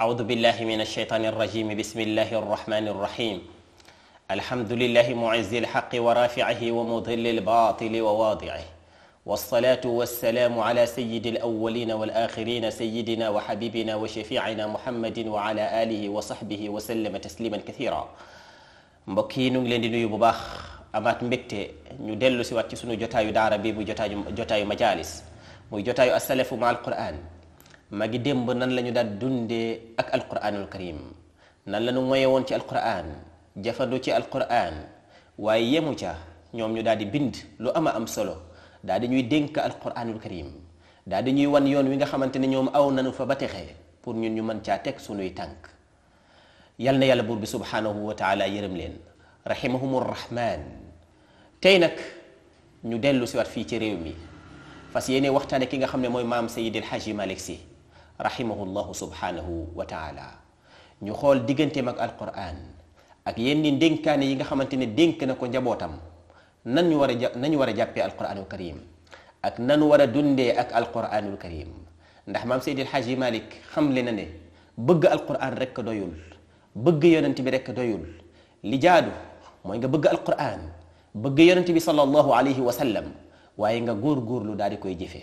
أعوذ بالله من الشيطان الرجيم بسم الله الرحمن الرحيم الحمد لله معز الحق ورافعه ومضل الباطل وواضعه والصلاة والسلام على سيد الأولين والآخرين سيدنا وحبيبنا وشفيعنا محمد وعلى آله وصحبه وسلم تسليما كثيرا mbokki لندن ngi أمات di nuyu bu baax amaat mbégte ñu مجالس si waat مع القرآن magi démb nan la ñu daan dundee ak alquranul karim nan la ñu moye woon ci alquran jafandu ci alquran waaye yemu ca ñoom ñu daal di bind lu ama am solo daal di ñuy dénk alquranul karim daal di ñuy wan yoon wi nga xamante ne ñoom aw nanu fa ba texe pour ñun ñu mën caa teg sunuy tànk yal na yàlla buur bi subhanahu wa taala yërëm leen rahimahumur rahman tey nag ñu dellu si waat fii ci réew mi fas yéene waxtaane ki nga xam ne mooy maam sayidil xaji malik si rahimahullahu subhanahu wa taala ñu xool digganteem ak alquran ak yenni dénkaane yi nga xamante ne dénk na ko njabootam nan ñu war a nañu war a jàppee alquranul karim ak nanu war a dundee ak alquranul karim ndax maam Seydi El Hadji Malick xamle na ne bëgg alquran rekk doyul bëgg yonent bi rekk doyul li jaadu mooy nga bëgg alquran bëgg yonent bi sallallahu alayhi wa sallam waaye nga góor góorlu daal di koy jëfe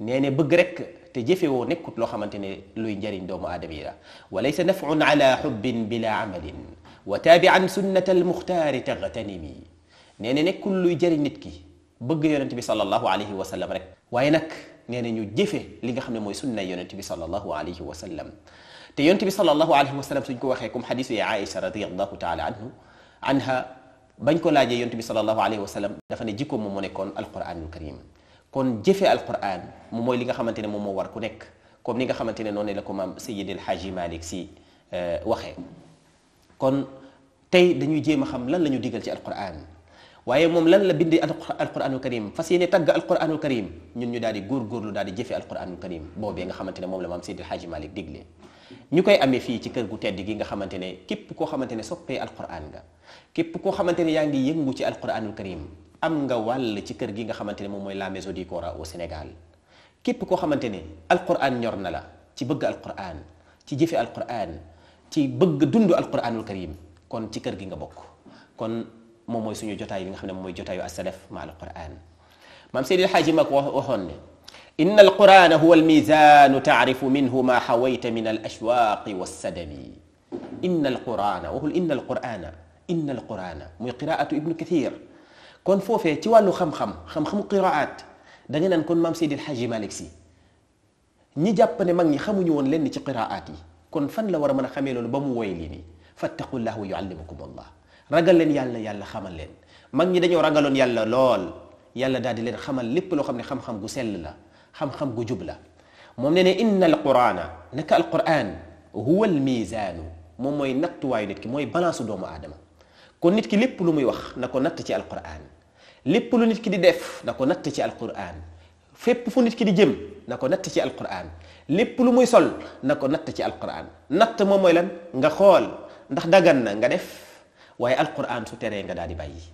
nee ne bëgg rekk te jëfewoo nekkut loo xamante ne luy njariñ doomu aadama yi la wa laysa nafun ala xubbin bila amalin wa taabian sunnata almuxtaari taxtanimi nee na nekkul luy jëriñ nit ki bëgg yonent bi sallallahu alayhi wa sallam rek waaye nag nee na ñu jëfe li nga xam ne mooy sunna yonent bi sallallahu alayhi wa sallam te yonent bi sallallahu alayhi wa sallam suñ ko waxee comme xadisu ya aïcha radiallahu taala anhu anha bañ ko laajee yonent bi sallallahu alayhi wa sallam dafa ne jikko moom mu nekkoon alquranul karim kon jëfe alquran moom moy li nga xamantene ne mo war ku nek comme ni nga xamantene non la ko mam Seydil Hadji malik si waxe kon tay dañuy jema xam lan lañu ñu digal ci alquran waye mom lan la bindee alquranul karim fas yéene tàgg alquranul karim ñun ñu daal di góorgóorlu daal di jëfe alquranul karim bobé nga xamantene mom la mam Seydil Hadji malik digle ñukay amé fi ci kër gu tedd gi nga xamantene kep ko xamantene soppé ne soppee alquran nga kep ko xamantene yaangi yaa ngi yëngu ci alquranul karim am nga wal ci kër gi nga xamante mom moy la maison du Coran au Sénégal képp ko xamante ne alquran ñor na la ci bëgg alquran ci jëfe alquran ci bëgg dund alquranul karim kon ci kër gi nga bok kon mom moy suñu jotaay bi nga xamne ne moom mooy jotaayu asalaf ma alquran mam Seydi Alxaaji mak waxon ne إن القرآن هو الميزان تعرف منه ما حويت من الأشواق والسدم إن القرآن وهو إن القرآن إن القرآن من قراءة ابن كثير كون فوفي تي والو خم خم خم خم قراءات دا نان كون مام سيدي الحاج مالك سي ني جاب ني ماغ ني ني وون لين تي قراءات كون فان لا ورا مانا خامي لول بامو واي لي ني فاتقوا الله ويعلمكم الله رجل لين يالا يالا خمال لين ماغ ني دانيو راغالون يالا لول يالا دا دي لين خمال ليپ لو خامني خم خم غو سيل لا خم خم غو جوب لا موم ان القران نك القران هو الميزان موم موي نقطو واي نيت كي موي بالانس دومو ادم kon nit ki lépp lu muy wax na ko natt ci alquran lépp lu nit ki di def na ko natt ci alquran fépp fu nit ki di jëm na ko natt ci alquran lépp lu muy sol na ko natt ci alquran natt moom mooy lan nga xool ndax dagan na nga def waaye alquran su teree nga daal di bàyyi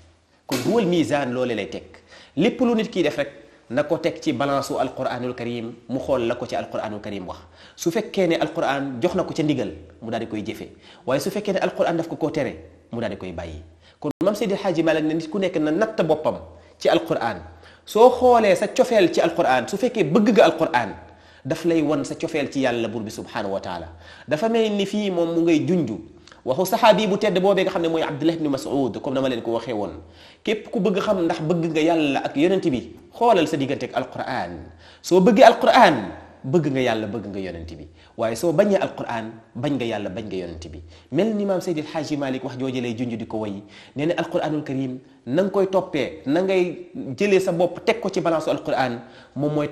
kon duwal misaan loole lay teg lépp lu nit kiy def rek na ko teg ci balance u alquranul karim mu xool la ko ci alquranul karim wax su fekkee ne alquran jox na ko ca ndigal mu daal di koy jëfe waaye su fekkee ne alquran daf ko koo tere mu daal di koy bàyyi kon mam Seydi Hadji Malick ne nit ku nekk na natt boppam ci alquran soo xoolee sa cofeel ci alquran su fekkee bëgg nga alquran daf lay won sa cofeel ci yàlla buur bi subhanahu wa taala dafa mel ni fii moom mu ngay junju waxu saxaabi bu tedd boobee nga xam ne mooy Abdullah ibn Mas'ud comme dama leen ko waxee woon képp ku bëgg xam ndax bëgg nga yàlla ak yonent bi xoolal sa diggante ak alquran soo bëggee alquran bëgg nga yàlla bëgg nga yonent bi waaye soo bañee alquran bañ nga yàlla bañ nga yonent bi mel ni maam Seydil Haaji Malik wax jooju lay junj di ko woy nee na alquranul karim na nga koy toppee na ngay jëlee sa bopp teg ko ci balance alquran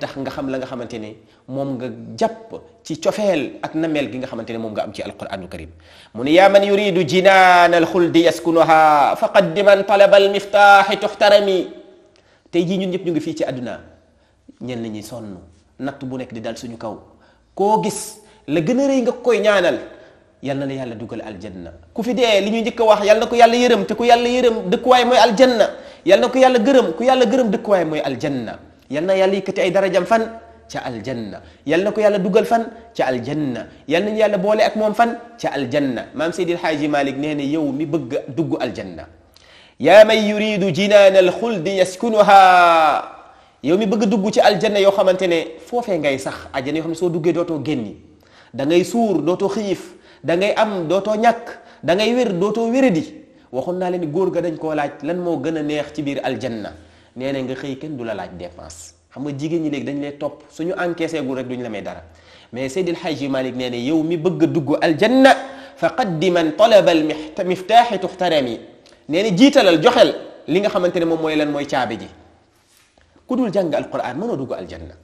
tax nga xam la nga xamante ne moom nga jàpp ci cofeel ak nameel gi nga xamante ne moom nga am ci alquranul karim mu ne yaa man yuridu jinaan alxuldi yaskunuha faqad diman talaba almiftaxi tuxtarami tey jii ñun ñëpp ñu ngi fii ci àdduna ñenn ñi sonn natt bu nekk di dal suñu kaw koo gis la gën a rëy nga koy ñaanal yal na la yàlla dugal aljanna ku fi dee li ñu njëkk a wax yal na ko yàlla yërëm te ku yàlla yërëm dëkkuwaay mooy aljanna yal na ko yàlla gërëm ku yàlla gërëm dëkkuwaay mooy aljanna yal na yàlla yëkkati ay darajam fan ca aljanna yal na ko yàlla dugal fan ca aljanna yal nañu yàlla boole ak moom fan ca aljanna maam Seydi El Hadji Malick nee na yow mi bëgg dugg aljanna yaa man yuridu jinaan alxuldi yaskunuha yow mi bëgg dugg ci aljanna yoo xamante ne foofee ngay sax aljanna yoo xam ne soo duggee dootoo génni da ngay suur dootoo xiif da ngay am dootoo ñàkk da ngay wér dootoo wéradi waxoon naa leen góor ga dañ koo laaj lan moo gën a neex ci biir aljanna nee na nga xëy kenn du la laaj dépense xam nga jigéen ñi léegi dañ lay topp suñu encaissé gul rek duñ la may dara mais Seydil Hadji malik nee yow mi bëgg dugg aljanna fa qaddiman talaba al miftaaxi tuxtarami nee na jiitalal joxel li nga xamante ne moom mooy lan mooy caabi ji ku dul jàng alquran mënoo dugg aljanna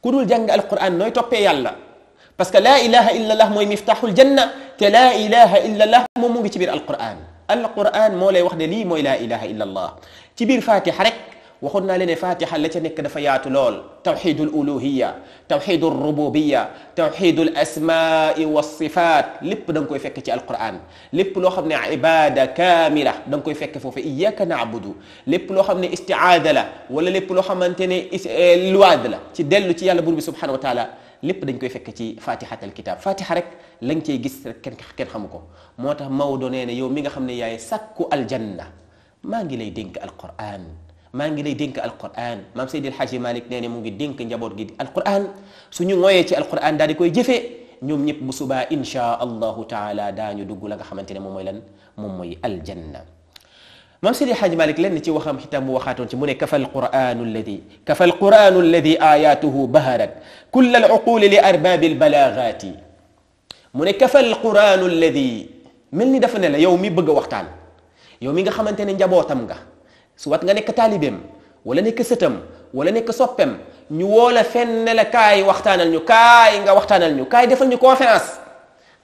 ku dul jàng alquran nooy toppee yàlla parce que laa ilaha illa allah mooy miftaxul janna te laa ilaha illa allah moom mu ngi ci biir alquran alquran moo lay wax ne lii mooy laa ilaha illa allah ci biir fatiha rek waxoon naa leen ne fatiha la ca nekk dafa yaatu lool tawxidul uluhiya tawxidul rububiya tawxidul asmaai wa sifaat lépp da nga koy fekk ci alquran lépp loo xam ne ibada kaamila da nga koy fekk foofu iyaka naabudu lépp loo xam ne istiaada la wala lépp loo xamante ne luwaad la ci dellu ci yàlla bur bi subhanahu wa taala lépp dañ koy fekk ci fatihatal kitab fatiha rek la nga cey gis rek kenn kenn xamu ko moo tax Maodo nee ne yow mi nga xam ne yaay sàkku aljanna maa ngi lay dénk alquran ما نقدر القرآن ما مسيد الحاج مالك نيني ممكن دينك جبر جدي القرآن سنو نوية القرآن داري كوي جفة نيوم نيب بسوبا إن شاء الله تعالى داني دوغو لغا خمانتين مموي لن مموي الجنة ما مسيد الحاج مالك لن نتي وخام حتام وخاتون تي كفى القرآن الذي كفى القرآن الذي آياته بهرت كل العقول لأرباب البلاغات موني كفى القرآن الذي ملني دفن لا يومي بغا وقتان يومي غا خمانتين جبوتم غا soit nga nek talibem wala nek sëtam wala nek sopem ñu wola fenn la kay waxtanal ñu kay nga waxtanal ñu kay defal ñu conférence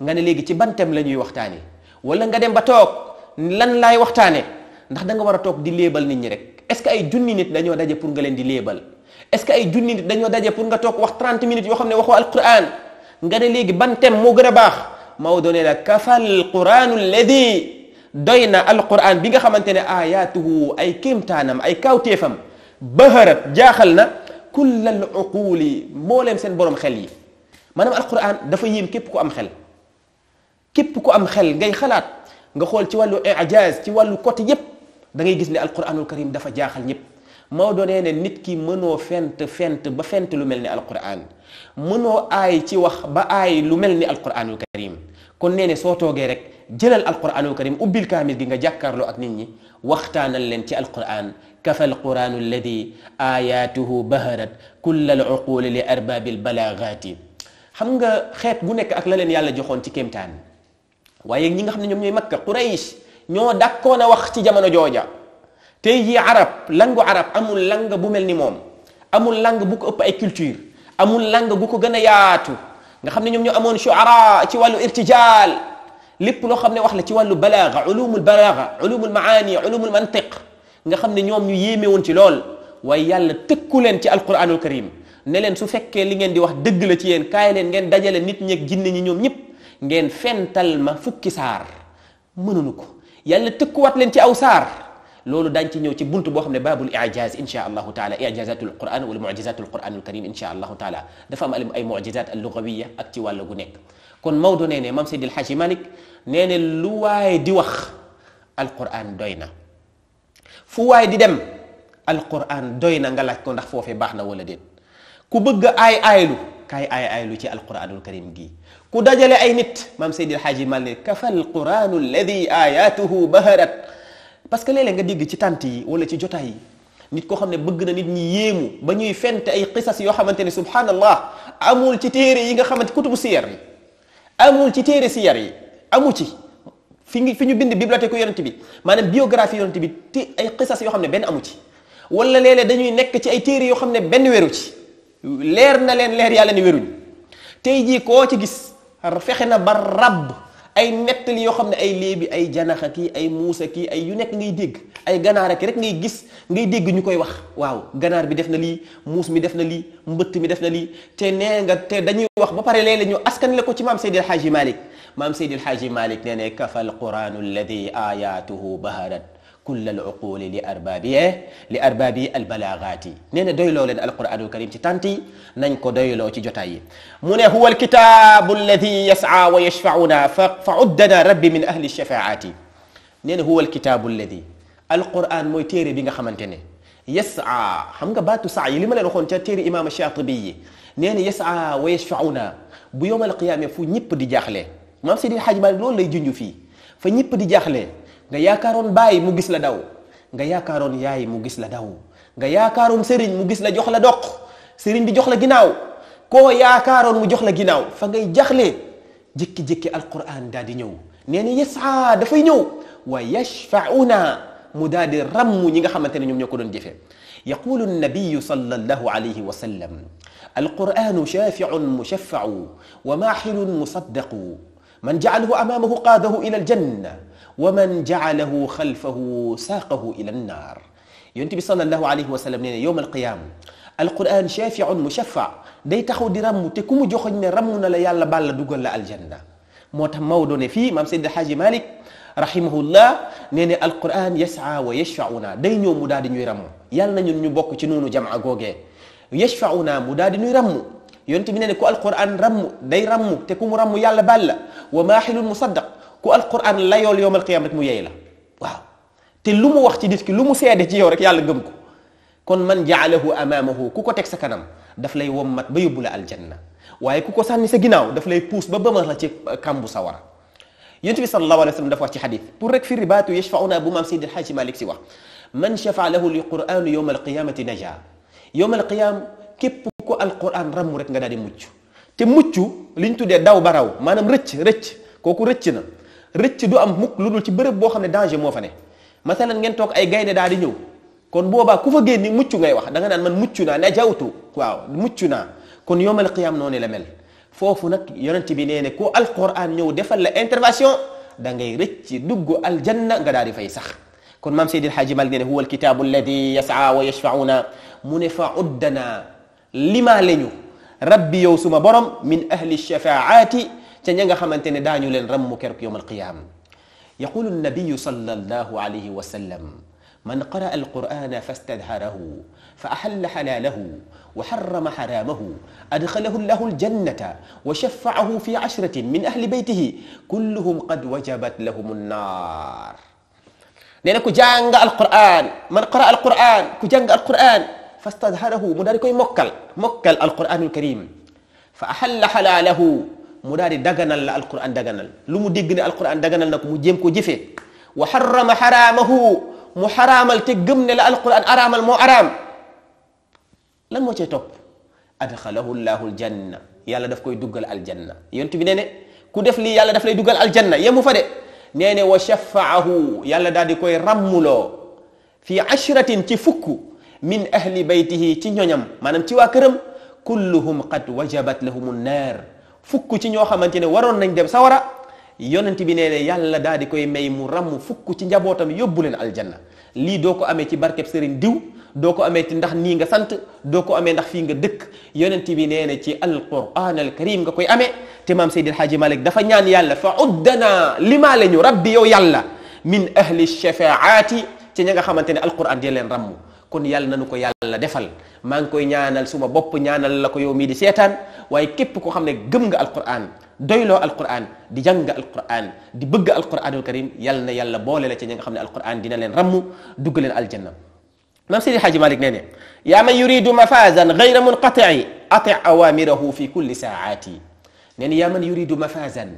nga ne legi ci bantem thème la ñuy waxtaane wala nga dem ba tok lan lay waxtane ndax da nga wara tok di label nit ñi rek est ce ay junni nit dañu daje pour nga len di label est ce ay junni nit dañu daje pour nga tok wax 30 minutes yo xamne waxo alquran nga ne legi bantem mo gëna bax a baax Maodo ne la kafal quranu alladi doyna alquran bi nga xamantene ayatuhu ay kimtanam ay kawtefam baharat jaxalna na kullal uquuli sen borom xel yi manam alquran dafa yim kep ku am xel kep ku am xel ngay xalat nga xol ci walu ijaz ci walu côté yep da ngay gis ni alquranul karim dafa jaxal ñep mo do ne nit ki mënoo fent fent ba fent lu melni alquran mënoo ay ci wax ba ay lu melni alquranul karim kon nee ne soo toogee rek جلال القرآن الكريم أبي الكامل جنجا جاكار لو أكنيني واختانا لن القرآن كفى القرآن الذي آياته بهرت كل العقول لأرباب البلاغات حمغا خيط غنك أكلا لن يالا جخون تي كيمتان ويجنجا خمنا نيوم يوم مكة قريش نو داكونا وقت جمانو جوجا تيجي عرب لنغو عرب أمول لنغ بومل نيموم أمو لنغ بوك أبا أي كولتير أمو لنغ بوكو غنياتو نخمنا نيوم نيو أمون شعراء تيوالو ارتجال lépp loo xam ne wax la ci wàllu balaaga ulumul balaaga ulumul maani ulumul mantiq nga xam ne ñoom ñu yéeme woon ci lool waaye yàlla tëkku leen ci alquranul karim ne leen su fekkee li ngeen di wax dëgg la ci yéen kaay leen ngeen dajale nit ñeeg jinne ñi ñoom ñëpp ngeen fental ma fukki saar mënuñu ko yàlla tëkkuwaat leen ci aw saar loolu daañ ci ñëw ci buntu boo xam ne baabul ijaz insha allahu taala ijazatul quran wala mujizatul quran al karim insha allahu taala dafa am ay mujizat al lugawiya ak ci wàll gu nekk kon Maodo nee ne maam Seydil Hadji Malick nee ne lu waaye di wax Alquran doy na fu waaye di dem Alquran doy na nga laaj ko ndax foofee baax na wala déet ku bëgg ay aylu kaay ay aylu ci Alquranul karim gi ku dajale ay nit maam Seydil Hadji Malick kafa alquranu alladi ayatuhu baharat parce que léeg nga dégg ci tànt yi wala ci jotaay yi nit koo xam ne bëgg na nit ñi yéemu ba ñuy fent ay qisas yoo xamante ne subhanallah amul ci téere yi nga xamante kutubu siyar yi amul ci téré ci yar yi amu ci fi fi ñu bind bibliothèque yonent bi manam biographie yonent bi te ay qissas yo xamne ben amu ci wala lélé dañuy nekk ci ay téré yo xamne ben wéru ci leer na leen leer yàlla ni wéruñ tay ji ko ci gis fexe na bar rab ay nettali yoo xam ne ay léebi ay janaxa kii ay muusa kii ay yu nekk ngay dégg ay ganaar ak rek ngay gis ngay dégg ñu koy wax waaw ganaar bi def na lii muus mi def na lii mbëtt mi def na lii te nee nga te dañuy wax ba pare léeg-léeg ñu askan la ko ci maam Seydi El Hadji Malick maam Seydi El Hadji Malick nee ne kafa alquranu alladi ayatuhu baharat كل العقول لأربابه لأرباب البلاغات نين دويلو لن القرآن الكريم تانتي ننكو دويلو تجتاي من هو الكتاب الذي يسعى ويشفعنا فعدنا ربي من أهل الشفاعات نين هو الكتاب الذي القرآن موي تيري بيغا خمانتيني يسعى خمغا باتو سعي لما لن أخون تيري إمام الشاطبي نين يسعى ويشفعنا بيوم القيامة فو نيب دي جاخلي مام سيدي الحاج مالك لول لي جنجو في فنيب دي جاخلي nga yaakaaroon bàyyi mu gis la daw nga yaakaaroon yaay mu gis la daw nga yaakaaroon sëriñ mu gis la jox la doq sëriñ bi jox la ginnaaw koo yaakaaroon mu jox la ginnaaw fa ngay jaxle jékki-jékki alquran daal di ñëw nee na yasaa dafay ñëw wa yashfauna mu daal di ramm ñi nga xamante ne ñoom ñoo ko doon jëfe يقول النبي صلى الله عليه وسلم القرآن شافع مشفع وماحل مصدق من جعله أمامه قاده إلى الجنة ومن جعله خلفه ساقه إلى النار ينتبه صلى الله عليه وسلم يوم القيامة القرآن شافع مشفع داي تاخو دي رامو تي كومو جوخو ني رامو نلا يالا بالا دوغال لا الجنه موتا ماو دوني في مام سيد الحاج مالك رحمه الله نيني القران يسعى ويشفعنا داي نيو مودادي ني رامو يال نا نيو بوك سي نونو جامع غوغي يشفعنا مودادي ني رامو يونتي ني كو القران رامو داي رامو تي كومو رامو يالا بالا وماحل مصدق ku alquran la yol yowmal qiyam rek mu yey la waaw te lu mu wax ci nit ki lu mu seede ci yow rek yàlla gëm ko kon man jaalahu amamahu ku ko teg sa kanam daf lay wommat ba yóbbu la aljanna waaye ku ko sànni sa ginnaaw daf lay puus ba bëma la ci kàmbu sawara yonent bi sallallahu alayhi wa sallam dafa wax ci xadis pour rek fi baatu yashfauna bu maam Seydi Alxaaji Malik si wax man shafa lahu lquranu yowma alqiyamati naja yowma alqiyam képp ko alquran rammu rek nga daal di mucc te mucc liñ tuddee daw baraw maanaam rëcc rëcc kooku rëcc na rëcc du am mukk lu dul ci bërëb boo xam ne danger moo fa ne masalan ngeen toog ay gaynde daal di ñëw kon boobaa ku fa génni mucc ngay wax da nga naan man mucc naa ne jawtu waaw mucc naa kon yowmal qiyam noonu la mel foofu nag yonent bi nee ne ku alquran ñëw defal la intervention da ngay rëcc dugg aljanna nga daal di fay sax kon maam Seydi El mal Malick nee ne huwa alkitaabu alladi yasaa wa yashfauna mu ne fa uddana lima leñu rabbi yow suma borom min ahli shafaati ca ña nga xamante ne daañu leen ramm keroog yowm alqiyaam yaqulu annabiyu sallallahu alayhi wa sallam man qara alqur'ana fastadharahu fa ahalla halalahu wa harrama haramahu adkhalahu llahu aljannata wa shafa'ahu fi ashratin min ahli baytihi kulluhum qad wajabat lahum annar nee na ku jàng alqur'an man qara alqur'an ku jàng alqur'an fastadharahu mu daal di koy mokkal mokkal alqur'anul karim fa ahalla halalahu mu daal di daganal la alquran daganal lu mu dégg ne alquran daganal na ko mu jéem ko jëfee wa xarama xaraamahu mu xaraamal te gëm ne la alquran araamal moo araam lan moo cay topp adxalahu llahu aljanna yàlla daf koy duggal aljanna yontu bi nee ne ku def lii yàlla daf lay duggal aljanna yemu fa de nee ne wa shafaahu yàlla daal di koy ràmmuloo fi ashratin ci fukk min ahli baytihi ci ñoñam maanaam ci waa këram kulluhum qad wajabat lahum nnaar fukk ci ñoo xamante ne waroon nañ dem sawara yonent bi nee ne yàlla daal di koy may mu ramm fukk ci njabootam yóbbu leen aljanna lii doo ko amee ci barkeb sërigne diw doo ko amee ci ndax nii nga sant doo ko amee ndax fii nga dëkk yonent bi nee na ci alquran alkarim nga koy amee te maam seydil xaaji malik dafa ñaan yàlla fa uddana lima lañu rabbi yow yàlla min ahli shafaati ci ña nga xamante ne alquran di leen ramm kon yàlla nanu ko yàlla defal maa ngi koy ñaanal suma bopp ñaanal la ko yow mii di seetaan waaye képp ko xam ne gëm nga alquran doyloo alquran di jàng alquran di bëgg alquranul karim yal na yàlla boole la ci ñi nga xam ne alquran dina leen rammu dugg leen aljanna mam sidi xaaji malik nee ne yaa man yuridu mafazan gayra munqatii ati awamirahu fi kulli saati nee ne yaa man yuridu mafazan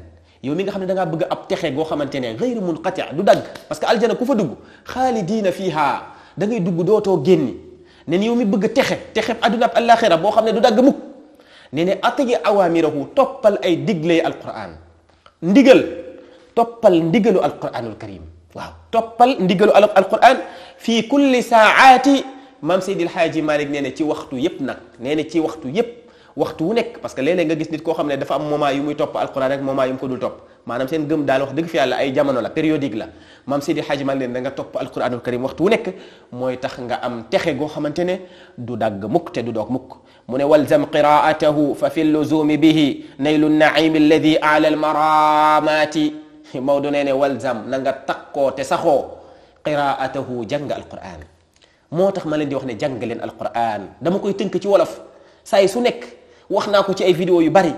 yow mi nga xam ne da ngaa bëgg ab texe goo xamante ne gayru munqati du dagg parce que aljanna ku fa dugg xaalidiina fiha da ngay dugg dootoo génni ne na yow mi bëgg texe texe aduna ak àllaaxira boo xam ne du dag mukk ne ne atigi awamirahu topal ay digley alquran ndigal topal ndigalu alquranul karim waaw topal ndigalu alquran fi kulli saati maam Seydil Haaji Malik ne ne ci waxtu yep nak ne ne ci waxtu yep waxtu wu nekk parce que léeg-léeg nga gis nit koo xam ne dafa am moment yu muy topp alquran rek moment yu mu ko dul topp maanaam seen gëm daal wax dëgg fi yàlla ay jamono la périodique la maam sidi Hadji Malick leen da nga topp alquranul karim waxtu wu nekk mooy tax nga am texe goo xamante ne du dagg mukk te du doog mukk mu ne walzam qiraatahu fa fi luzumi bihi naylu naim alladi ala almaramati Maodo nee ne walzam na nga takkoo te saxoo qiraatahu jàng alquran moo tax ma leen di wax ne jàng leen alquran dama koy tënk ci wolof saa su nekk wax naa ko ci ay vidéo yu bari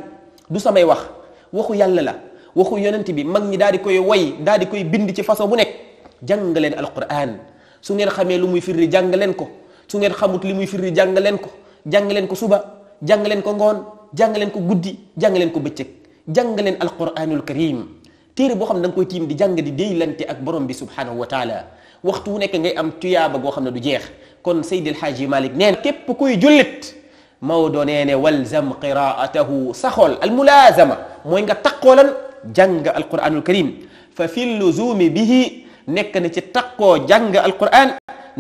du samay wax waxu yàlla la waxu yonent bi mag ñi daal di koy woy daal di koy bind ci façon bu nekk jàng leen alquran su ngeen xamee lu muy firri jàng leen ko su ngeen xamut lu muy firri jàng leen ko jàng leen ko suba jàng leen ko ngoon jàng leen ko guddi jàng leen ko bëccëg jàng leen alquranul karim téere boo xam ne da koy tiim di jàng di déylante ak borom bi subhanahu wa taala waxtu wu nekk ngay am tuyaaba goo xam ne du jeex kon Seydil Haaji Malik neen képp kuy jullit مودونين والزم قراءته سخل الملازمة موينغا تقولا جنغ القرآن الكريم ففي اللزوم به نكن تتقو جنغ القرآن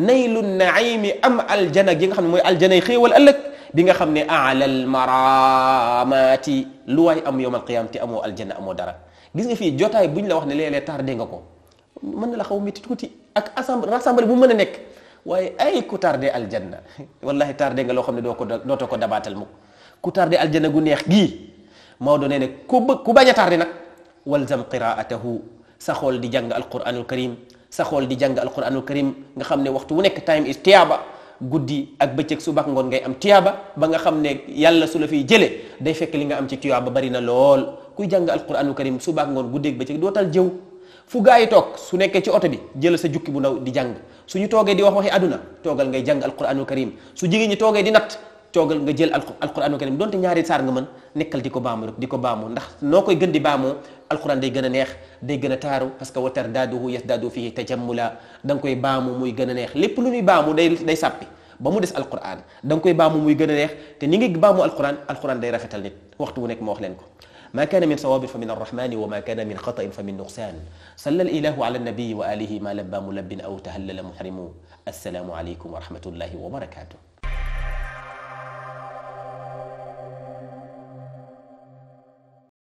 نيل النعيم أم الجنة جنغ خمني موي الجنة خي والألك ديغا خمني أعلى المرامات لواي أم يوم القيامة أم الجنة أم دارة جيسنا في جوتاي بني لوحن ليلة تار من لخو ميت توتي أك أسامبل بومن نك waaye ay ku tardé aljanna wallahi tardé nga loo xam ne doo ko dootoo ko dabaatal mukk ku tardé aljanna gu neex gii Maodo nee ne ku bë ku bañ a tardé nag walzam qiraatahu sa xool di jàng alquranul karim sa xool di jàng alquranul karim nga xam ne waxtu wu nekk time is tiyaaba guddi ak bëccëg suba ak ngoon ngay am tiyaaba ba nga xam ne yàlla su la fiy jëlee day fekk li nga am ci tiyaaba bari na lool kuy jàng alquranul karim suba ak ngoon guddi ak bëccëg dootal jëw fu gaa yi toog su nekkee ci oto bi jël sa jukki bu ndaw di jàng su ñu toogee di wax waxi aduna toogal ngay jàng alquranu karim su jigéen ñi toogee di natt toogal nga jël alquranu karim donte ñaari saar nga mën nekkal di ko baamu rek di ko baamu ndax noo koy gën di baamoo alquran day gën a neex day gën a taaru parce que wa tardaaduhu yasdaadu fihi tajammula da nga koy baamu muy gën a neex lépp lu ñuy baamu day day sàppi ba mu des alquran da nga koy baamu muy gën a neex te ni ngi baamu alquran alquran day rafetal nit waxtu wu nekk ma wax leen ko ما كان من صواب فمن الرحمن وما كان من خطأ فمن نقصان صلى الإله على النبي وآله ما لبى ملب أو تهلل محرم السلام عليكم ورحمة الله وبركاته